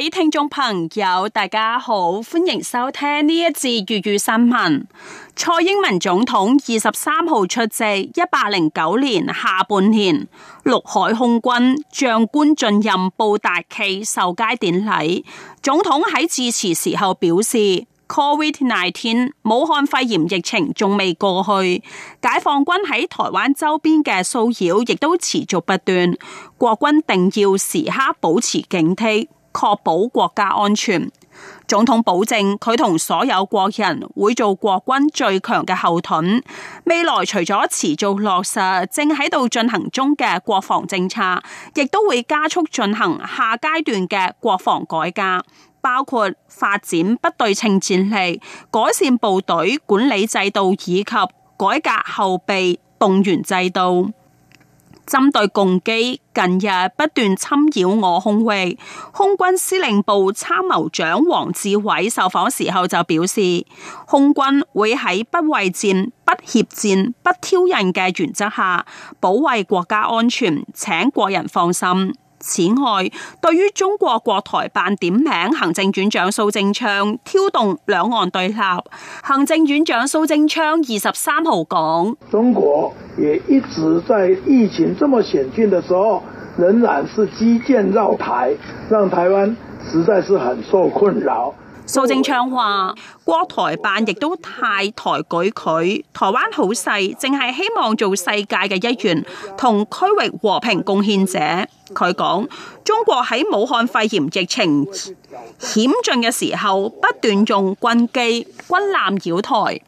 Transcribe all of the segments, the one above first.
各位聽眾朋友，大家好，歡迎收聽呢一節粵語新聞。蔡英文總統二十三號出席一百零九年下半年陸海空軍將官晉任布達暨授階典禮。總統喺致辭時候表示，COVID-19 武漢肺炎疫情仲未過去，解放軍喺台灣周邊嘅騷擾亦都持續不斷，國軍定要時刻保持警惕。確保國家安全，總統保證佢同所有國人會做國軍最強嘅後盾。未來除咗持續落實正喺度進行中嘅國防政策，亦都會加速進行下階段嘅國防改革，包括發展不對稱戰力、改善部隊管理制度以及改革後備動員制度。針對共機近日不斷侵擾我空域，空軍司令部參謀長王志偉受訪時候就表示，空軍會喺不畏戰、不怯戰、不挑釁嘅原則下，保衛國家安全，請國人放心。此外，對於中國國台辦點名行政院長蘇貞昌挑動兩岸對立，行政院長蘇貞昌二十三號講：中國也一直在疫情這麼險峻的時候，仍然是機艦繞台，讓台灣實在是很受困擾。蘇貞昌話：國台辦亦都太抬舉佢，台灣好細，淨係希望做世界嘅一員、同區域和平貢獻者。佢講：中國喺武漢肺炎疫情險峻嘅時候，不斷用機軍機軍艦擾台。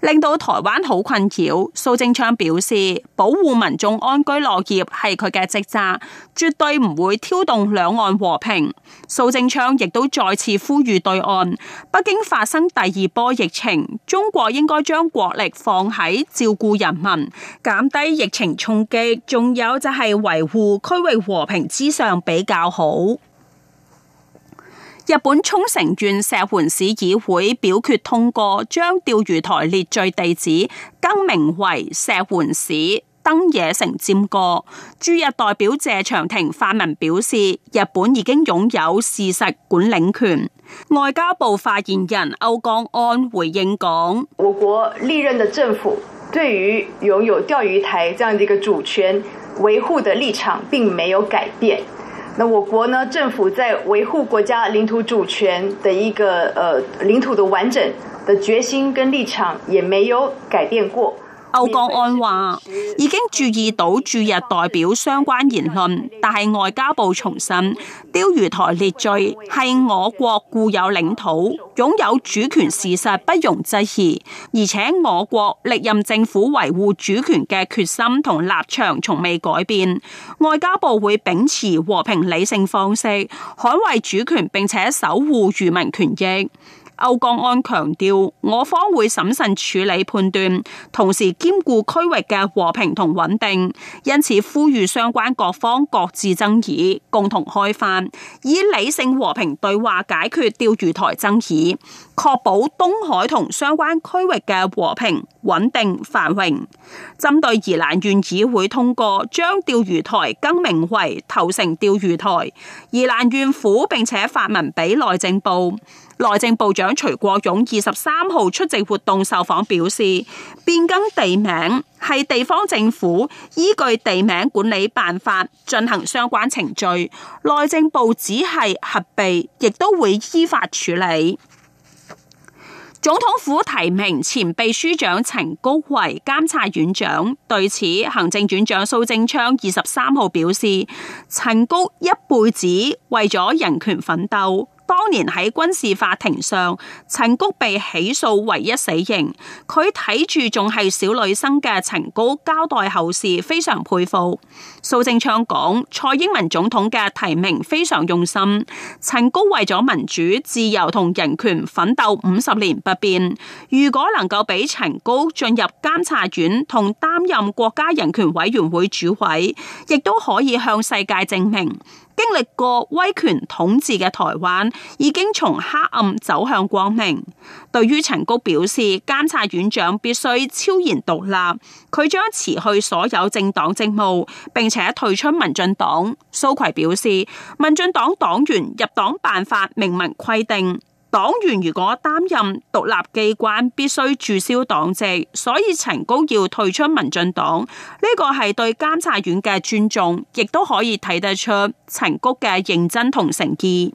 令到台灣好困擾，蘇貞昌表示保護民眾安居樂業係佢嘅職責，絕對唔會挑動兩岸和平。蘇貞昌亦都再次呼籲對岸，北京發生第二波疫情，中國應該將國力放喺照顧人民、減低疫情衝擊，仲有就係維護區域和平之上比較好。日本沖繩縣石垣市議會表決通過，將釣魚台列嶼地址更名為石垣市登野城占過。駐日代表謝長廷發文表示，日本已經擁有事實管領權。外交部發言人歐江安回應講：我國歷任的政府對於擁有釣魚台這樣的一個主權維護的立場，並沒有改變。那我國呢，政府在維護國家領土主權的一個，呃，領土的完整的決心跟立場也沒有改變過。歐江安話：已經注意到駐日代表相關言論，但係外交部重申，釣魚台列嶼係我國固有領土，擁有主權事實不容質疑，而且我國歷任政府維護主權嘅決心同立場從未改變。外交部會秉持和平理性方式，捍衛主權並且守護漁民權益。歐國安強調，我方會審慎處理判斷，同時兼顧區域嘅和平同穩定，因此呼籲相關各方擱置爭議，共同開發，以理性和平對話解決釣魚台爭議，確保東海同相關區域嘅和平、穩定、繁榮。針對宜蘭縣議會通過將釣魚台更名為頭城釣魚台，宜蘭縣府並且發文俾內政部。內政部長徐國勇二十三號出席活動受訪表示，變更地名係地方政府依據地名管理辦法進行相關程序，內政部只係核備，亦都會依法處理。總統府提名前秘書長陳菊為監察院長，對此行政院長蘇貞昌二十三號表示，陳菊一輩子為咗人權奮鬥。當年喺軍事法庭上，陳菊被起訴唯一死刑。佢睇住仲係小女生嘅陳菊交代後事，非常佩服。蘇貞昌講，蔡英文總統嘅提名非常用心。陳菊為咗民主、自由同人權奮鬥五十年不變。如果能夠俾陳菊進入監察院同擔任國家人權委員會主委，亦都可以向世界證明。經歷過威權統治嘅台灣，已經從黑暗走向光明。對於陳菊表示，監察院長必須超然獨立，佢將辭去所有政黨職務，並且退出民進黨。蘇揆表示，民進黨黨員入黨辦法明文規定。黨員如果擔任獨立機關，必須注銷黨籍，所以陳菊要退出民進黨，呢個係對監察院嘅尊重，亦都可以睇得出陳菊嘅認真同誠意。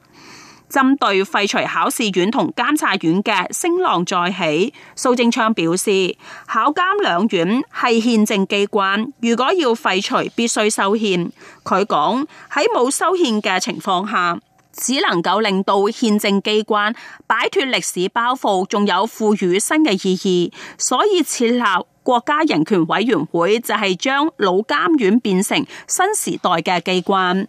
針對廢除考試院同監察院嘅聲浪再起，蘇貞昌表示，考監兩院係憲政機關，如果要廢除，必須修憲。佢講喺冇修憲嘅情況下。只能夠令到憲政機關擺脫歷史包袱，仲有賦予新嘅意義，所以設立國家人權委員會就係將老監院變成新時代嘅機關。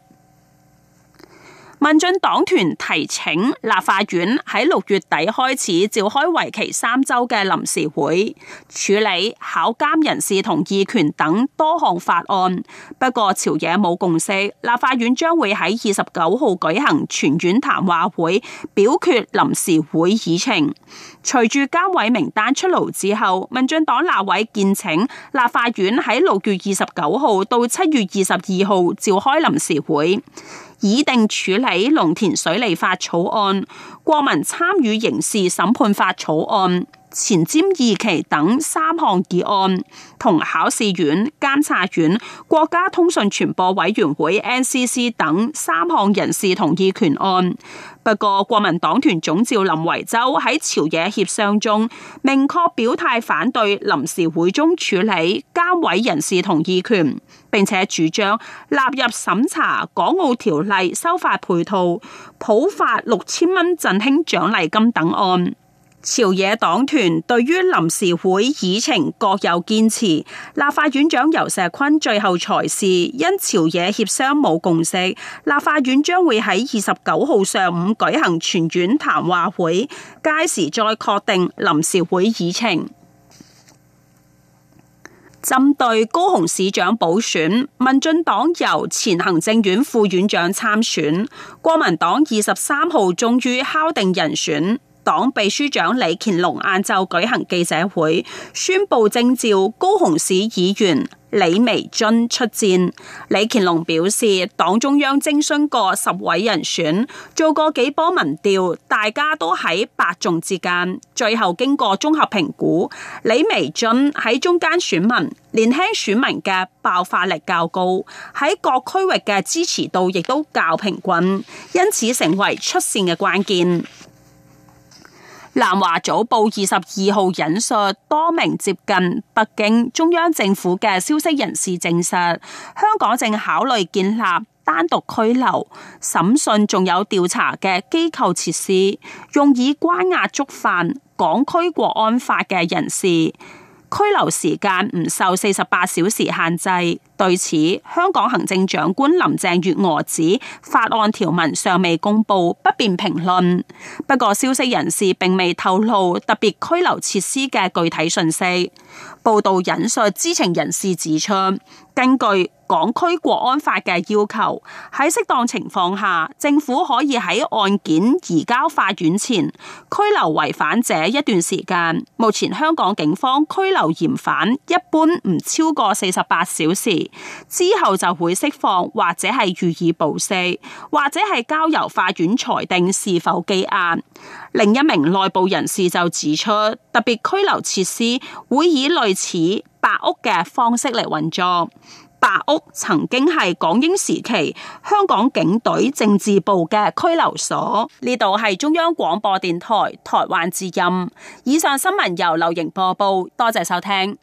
民進黨團提請立法院喺六月底開始召開為期三週嘅臨時會，處理考監人事同意權等多項法案。不過朝野冇共識，立法院將會喺二十九號舉行全院談話會，表決臨時會議程。隨住監委名單出爐之後，民進黨立委建請立法院喺六月二十九號到七月二十二號召開臨時會。擬定處理農田水利法草案，國民參與刑事審判法草案。前瞻二期等三項議案，同考試院、監察院、國家通訊傳播委員會 （NCC） 等三項人事同意權案。不過，國民黨團總召林維洲喺朝野協商中，明確表態反對臨時會中處理監委人事同意權，並且主張納入審查《港澳條例》修法配套、普發六千蚊振興獎勵金等案。朝野黨團對於臨時會議程各有堅持，立法院長尤石坤最後裁示，因朝野協商冇共識，立法院將會喺二十九號上午舉行全院談話會，屆時再確定臨時會議程。針對高雄市長補選，民進黨由前行政院副院長參選，國民黨二十三號終於敲定人選。黨秘書長李乾隆晏晝舉行記者會，宣布徵召高雄市議員李眉蓁出戰。李乾隆表示，黨中央徵詢過十位人選，做過幾波民調，大家都喺伯仲之間，最後經過綜合評估，李眉蓁喺中間選民、年輕選民嘅爆發力較高，喺各區域嘅支持度亦都較平均，因此成為出線嘅關鍵。南華早報二十二號引述多名接近北京中央政府嘅消息人士證實，香港正考慮建立單獨拘留、審訊仲有調查嘅機構設施，用以關押觸犯港區國安法嘅人士，拘留時間唔受四十八小時限制。對此，香港行政長官林鄭月娥指法案條文尚未公布，不便評論。不過，消息人士並未透露特別拘留設施嘅具體信息。報道引述知情人士指出。根據港區國安法嘅要求，喺適當情況下，政府可以喺案件移交法院前拘留違反者一段時間。目前香港警方拘留嫌犯一般唔超過四十八小時，之後就會釋放或者係予以保釋，或者係交由法院裁定是否羈押。另一名內部人士就指出，特別拘留設施會以類似白屋嘅方式嚟運作。白屋曾經係港英時期香港警隊政治部嘅拘留所。呢度係中央廣播電台《台灣之音》。以上新聞由劉瑩播報，多謝收聽。